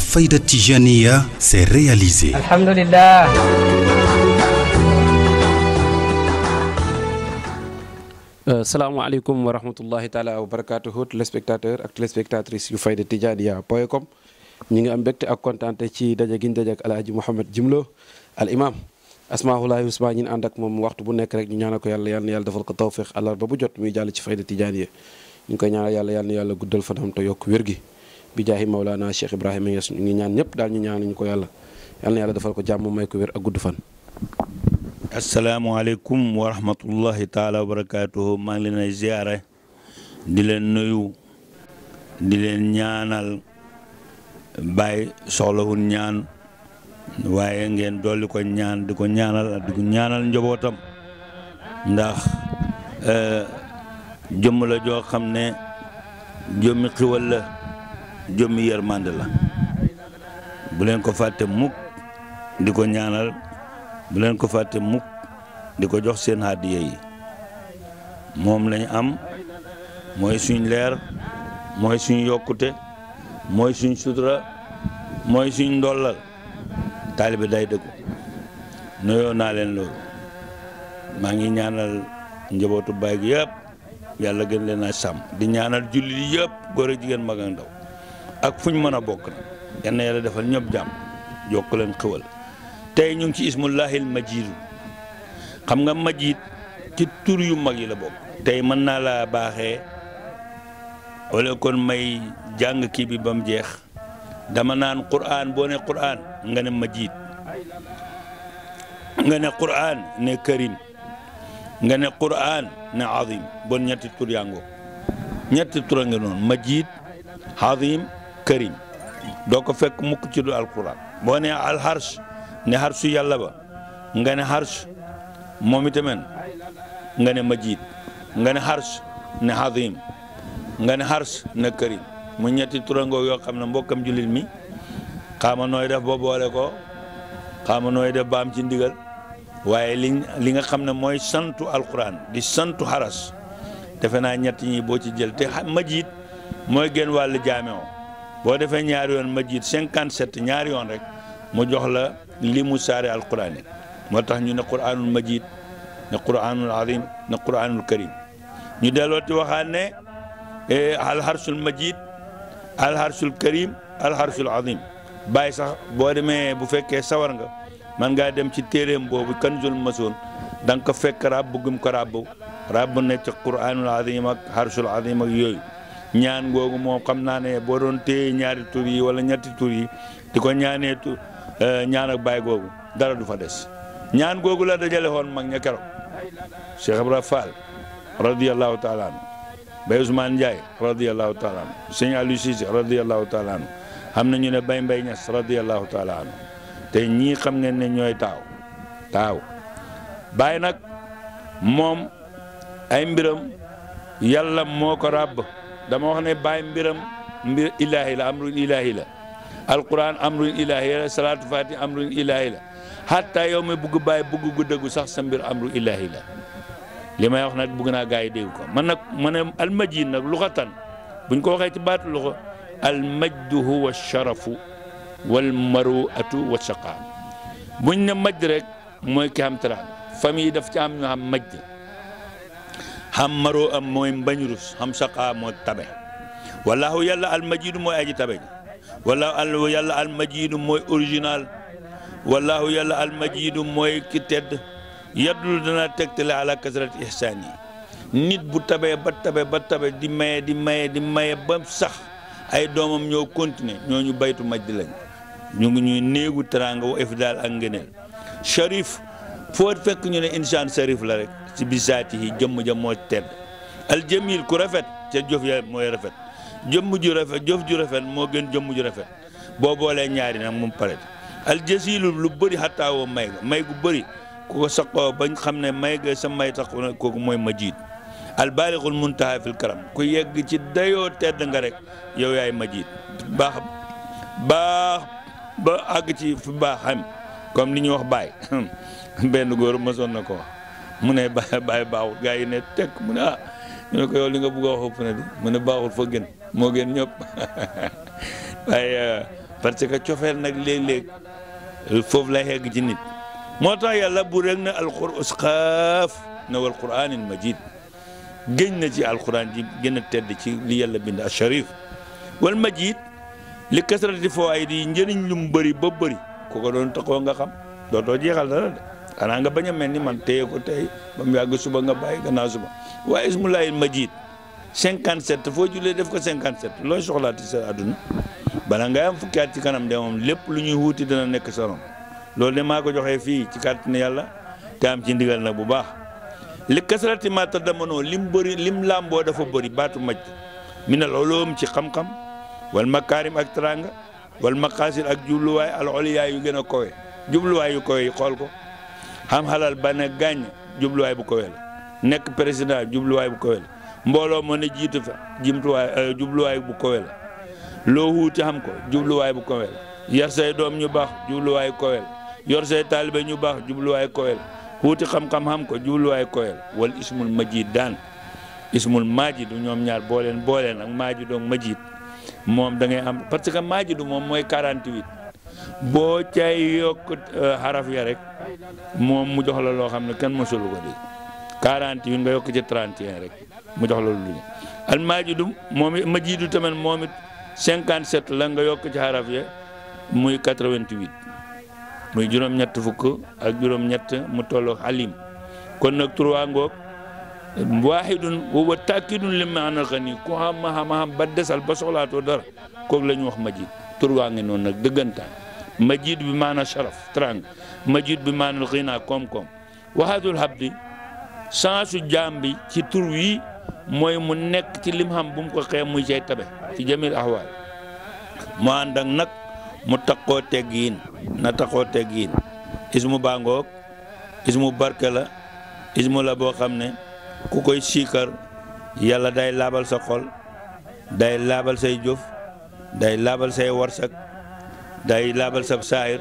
Faïda Tijaniya hein, s'est réalisée. Alhamdulillah. Assalamu euh, salam alaikum wa rahmatullahi ta'ala wa barakatuhu les spectateurs et les spectatrices Tijaniya point com ñi ngi am mbégte ak kontaante ci daje giñ daje ak alaaji Mouhamed Jimlo l'Imam. imam asmaahulahi husna ñin waxtu bu nek rek ñu ñaanako ko yalla yalla na yàlla defal ko tawféex bu jot muy jall ci Fayda Tijaniya ñu ko koy ñaanal yalla yalla guddal fanam te yokk wér bi jaahi Mawlana Cheikh Ibrahima Niass ñu ngi ñaan ñëpp daal ñu ñaan ñu ko yàlla yal na yàlla defal ko jàmm may ko wér ak gudd fan. asalaamualeykum wa rahmatullahi taala wa barakaatuhu maa ngi leen di ziare di leen nuyu di leen ñaanal bàyyi soxlawul ñaan waaye ngeen dolli ko ñaan di ko ñaanal di ko ñaanal njabootam ndax eh, jëmm la joo xam ne jëmmi xiwal la. jëmmi yërmande la bu leen ko fàtte mukk di ko ñaanal bu leen ko fàtte mukk di ko jox seen hàddiya yi moom lañu am mooy suñ leer mooy suñ yokkute mooy suñ sutura mooy suñ ndollal taalibe day dëggu nuyoo naa leen loolu maa ngi ñaanal njabootu baay gi yëpp yàlla gën leen a sàmm di ñaanal jullit yëpp góor ak jigéen mag ak fu ñu mën a bokk nag yal a defal ñëpp jàmm yokk leen xëwal tey ñu ngi ci ismullahil majid xam nga majid ci tur yu mag yi la bokk tey mën naa laa baaxee wala kon may jàng kii bi ba mu jeex dama naan aan boo ne quraan nga ne majid nga ne quraan ne karim nga ne quraan ne azim bon ñetti tur yaa ngoog ñetti tur ngi noonu majid azim këriñ doko fek fekk mukk ci du alquran bo ne harsh ne harsu yalla ba nga ne harsh momi itamen nga ne majid nga ne harsh ne xadim nga ne harsh ne këriñ mu ñetti turango yo xamna mbokam mbokkam mi xama noy def bo boole ko xama noy def ba ci ndigal waye li li nga xamne moy santu alquran di santu haras defena naa ñi bo ci jël te majid moy gën wàllu bo defé ñaar yoon majid 57 ñaar yoon rek mu jox la li mu saare alquran motax ñu ne quranul majid ne quranul azim ne quranul karim ñu waxane e al harsul majid al harsul karim al harsul azim bay sax bo demé bu fekkee sawar nga man nga dem ci téréem bobu kanjul masoon dang nga ko fekk bu gum ko ràbb rab ne ci quranul azim ak harsul azim ak yooyu ñaan googu moom xam naa ne boo doon téye ñaari tur yi wala ñetti tur yi di ko ñaanee tu euh, ñaan baay googu dara du fa des ñaan googu la dajale woon mag ña keroog Cheikh Ibra Fall radiyallahu taala anu Baye Ousmane Ndiaye radiyallahu taala anu Sëñ Aliou Cissé taala anu am na ñu ne Baye Mbaye Niass radiyallahu taala anu te ñii xam ngeen ne ñooy taaw taaw Baye nag moom ay mbiram yàlla moo ko ràbb dama wax ne baay mbiram mbir ilaahi la amrun ilaahi la alquran amrun ilaahi la salaatu fati amrun ilaahi la xatta yow mi bugg bàyyi sa mbir amru ilaahi la li may wax nag bugg naa gars yi dégg ko man nag ma ne almajid nag luxatan buñ ko waxee ci baatu luxa almajdu huwa sharafu wal maruatu wa shaqa buñ ne majd rek mooy ki xam teraanga famille daf ci am ñoo majd xam maroo am mooy mbañ rus xam saqaa moo tabe wallaahu yàlla almajiidu mooy aji tabe ji wallaahu yàlla almajiidu mooy original wallaahu yàlla almajiidu mooy ki tedd yaddul dana tegtale ala ihsaan yi nit bu tabee ba tabe ba tabe di maye di maye di maye ba sax ay doomam ñoo continuer ñoo ñu baytu maj di ñu ngi ñuy néegu teraanga wa ifdaal ak ngëneel sharif foo fekk ñu ne insaan sharif la rek si bisaatihi jëmm ja moo tedd aljamil ku rafet ca jëf ya mooy rafet jëmm ju rafet jëf ju rafet moo gën jëmm ju rafet boo boolee ñaari nag moom pare aljasilu lu bëri xattaa woo may ga may gu bëri ku ko saqoo bañ xam ne may ga sa may tax kooku mooy ma jiit albaaliqul muntaha fil karam ku yegg ci dayoo tedd nga rek yow yaay ma jiit baax baax ba àgg ci fi baax xam comme li ñuy wax baay benn góor mosoon na ko wax mune ne bàyyi bawul gay yi ne tek mune ah ñu ko yow li nga bëgg wax fu ne de mu ne fa gën mo gën ñop waaye parce que ciofel nak léeg-léeg fof la hegg ci nit moo tax yàlla bu rek na alqur usqaf na wal qur'an al majid gëñ na ci alquran ji gën na tedd ci li yàlla bind al sharif wal majid li kasrati fawaidi yi lu mbeuri ba bëri ko ko don taxo nga xam do jeexal dara de kana nga bañ a ni man téye ko tay ba mu yàgg suba nga bàyyi gannaaw suba wa ismu laayil majid 57 fo julé def ko 57 looy soxlaati sa aduna bala nga am fukkat ci kanam de lepp lu ñuy wuti dana nek sa rom le mako joxe fi ci carte ni yalla te am ci ndigal nag bu baax li kasrati ma tadamono lim bëri lim lambo dafa bëri batu majj mi ne ci xam-xam wal makarim ak teranga wal maqaasid ak way al ulya yu gëna a jublu way yu kowe xol ko xam xalal bane ne gàññ bu kawe nekk président jubluwaay bu kawe mbooloo mën a jiitu fa jumtuwaay euh, jubluwaay bu kawe la loo wuuti xam ko jubluwaay bu kawe la yar say doom ñu baax jubluwaay kawe la yor say taalibe ñu baax jubluwaay kawe la wuuti xam-xam xam ko jubluwaay kawe la wala ismul majid daan ismul majid ñoom ñaar boo leen booleen ak majid doog majid moom da ngay am parce que majid moom mooy 48. boo cay yokk euh, xaraf ya rek moom mu jox la loo xam ne kenn mosulu ko di 40 nga yokk ci 31 rek mu jox la lu ñu almaajidu moom it majiidu tamit moom it 57 la nga yokk ci xaraf ya muy 88 muy juróom-ñett fukk ak juróom-ñett mu tolloo xalim kon nag trois ngoog waahidun huwa taakidun li maanal xani ku xam ma xam ba desal ba soxlaatoo dara kooku la ñu wax majid tur waa ngi noonu nag dëggantaan majid bi maana sharaf trang majid bi maana xinaa koom-koom waxaatul habdi sansu jaam bi ci tur wi mooy mu nekk ci lim xam bu mu ko xeeb muy cay tabe ci jamil ahwaal mu ànd ak nag mu takkoo teggiin na takkoo teggiin ismu bàngoog ismu barke la ismu la boo xam ne ku koy siikar yàlla day laabal sa xol day laabal say jëf day laabal say warsak day laabal sa saayir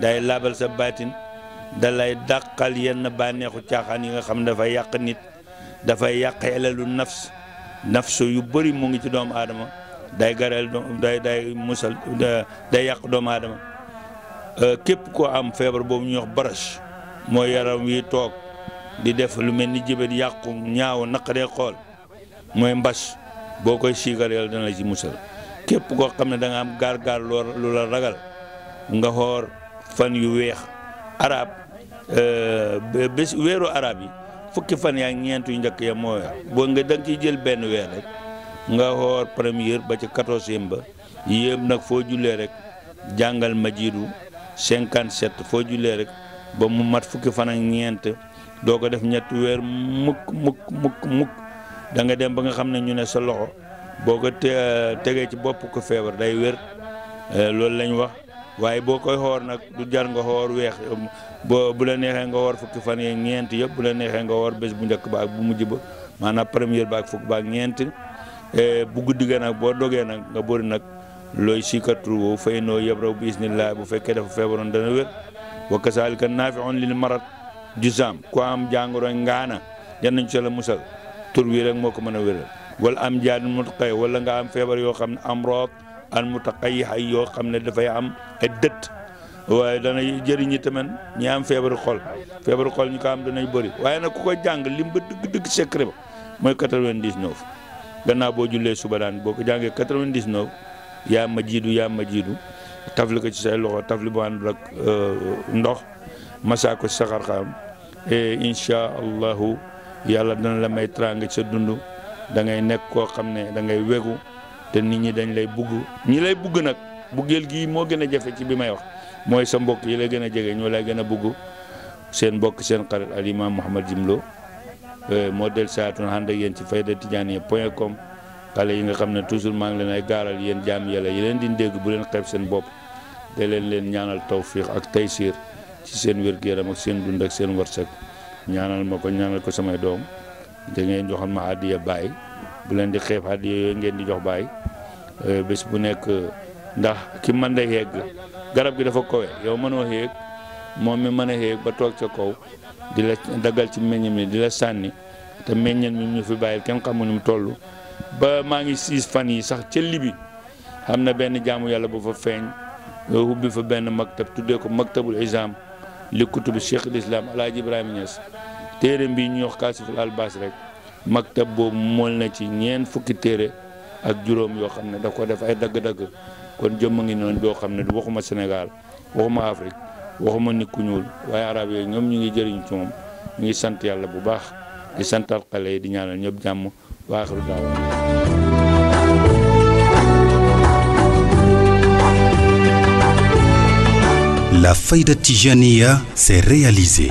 day laabal sa baatin da lay dàqal yenn bànneexu caaxaan yi nga xam ne dafay yàq nit dafay yàq elalu nafs nafsu yu bëri mu ngi ci doomu aadama day garal day day musal day yàq doomu aadama euh, képp koo am feebar boobu ñuy wax baraj mooy yaram wi toog di def lu mel ni jibét yàqu ñaaw naqaree xool mooy mbas boo koy siigal yàlla dana la ci musal kep ko xamne da nga am gar lor lu la ragal nga fan yu wex arab euh, bés bes arab yi fukki fan ya ñeent yu ya moy bo nga dang ngahor Premier jël ben weer rek nga xoor premier ba ci 14e ba yeb nak fo julé rek jangal majidu 57 fo julé rek ba mu mat fukki fan ak ñeent doga ko def ñet weer muk muk muk muk da nga dem ba nga xamne ñu ne sa loxo boo ko tegee ci bopp ko feebar day wér eh, loolu lañu wax waaye boo koy xoor nag du jar nga xoor weex um, bu la neexee nga xoor fukki fan yi ñeent yëpp bu la neexee nga xoor bés bu njëkk ba ak bu mujj ba maanaam première ba ak fukk ba ak ñeent eh, bu guddi ga nag boo dogee nag nga nag looy sikatru woo fay noo yëpp raw bi isnillah bu fekkee dafa feebaroon dana wér wa kasaalika naafiun lil marat jusam ku am jàngoro ngaana yan nañ la musal tur wi rek moo ko mën a wéral wala am jaadin mutaqay wala nga am feebar yoo xam ne am root al mutaqay ay yoo xam ne dafay am ay dëtt waaye dana jëriñi tamit ñi am feebaru xol feebaru xol ñi ko am danay bori waaye nag ku ko jàng lim ba dëgg-dëgg secret ba mooy 99 gannaaw boo jullee suba daan boo ko jàngee 99 yaa ma jiidu yaa ma jiidu tafli ko ci say loxo tafli boo ànd ak euh, ndox masaa ko saxar xam eh, incha allahu yàlla dana la may trang ci sa dund da ngay nekk koo xam ne da ngay wegu te nit ñi dañ lay bugg ñi lay bugg nag buggeel gi moo gën a jafe ci bi may wax mooy sa mbokk yi lay gën a jege ñoo lay gën a bugg seen mbokk seen xarit al imam Mouhamed Jim Lo euh, moo del saatun ànd ak yéen ci fayda tijaaniya point com xale yi nga xam ne toujours maa ngi leen ay gaaral yéen jaam yàlla yi leen din dégg bu leen xeeb seen bopp te leen leen ñaanal tawfiq ak taysiir ci seen wér gu ak seen dund ak seen wërsëg ñaanal ma ko ñaanal ko samay doom da ngeen joxoon ma addiya bàyyi bu leen di xeeb addiya yooyu ngeen di jox bay bés bu nekk ndax ki mën da yegg garab gi dafa kowe yow mënoo yegg moom mi mën a yegg ba toog ca kaw di la daggal ci meññ mi di la sànni te meññeen mi ñu fi bàyyil kenn xamu nu mu ba maa ngi siis fan yi sax ca libi am na benn jaamu yàlla bu fa feeñ hubbi fa benn maktab tuddee ko maktabul izam li kutub cheikh al islam alaaji ibrahima Niass téere bi ñuy wax kaasiful albaas rek maktab boobu mool na ci ñeent fukki téere ak juróom yoo xam ne daf ko def ay dagg-dagg kon jëmm ngi noon doo xam ne du waxuma Sénégal waxuma Afrique waxuma nit ku ñuul waaye arab yooyu ñoom ñu ngi jëriñ ci ngi sant yàlla bu baax di santal xale yi di ñaanal ñëpp jàmm waaxiru daaw La de Tijaniya s'est réalisée.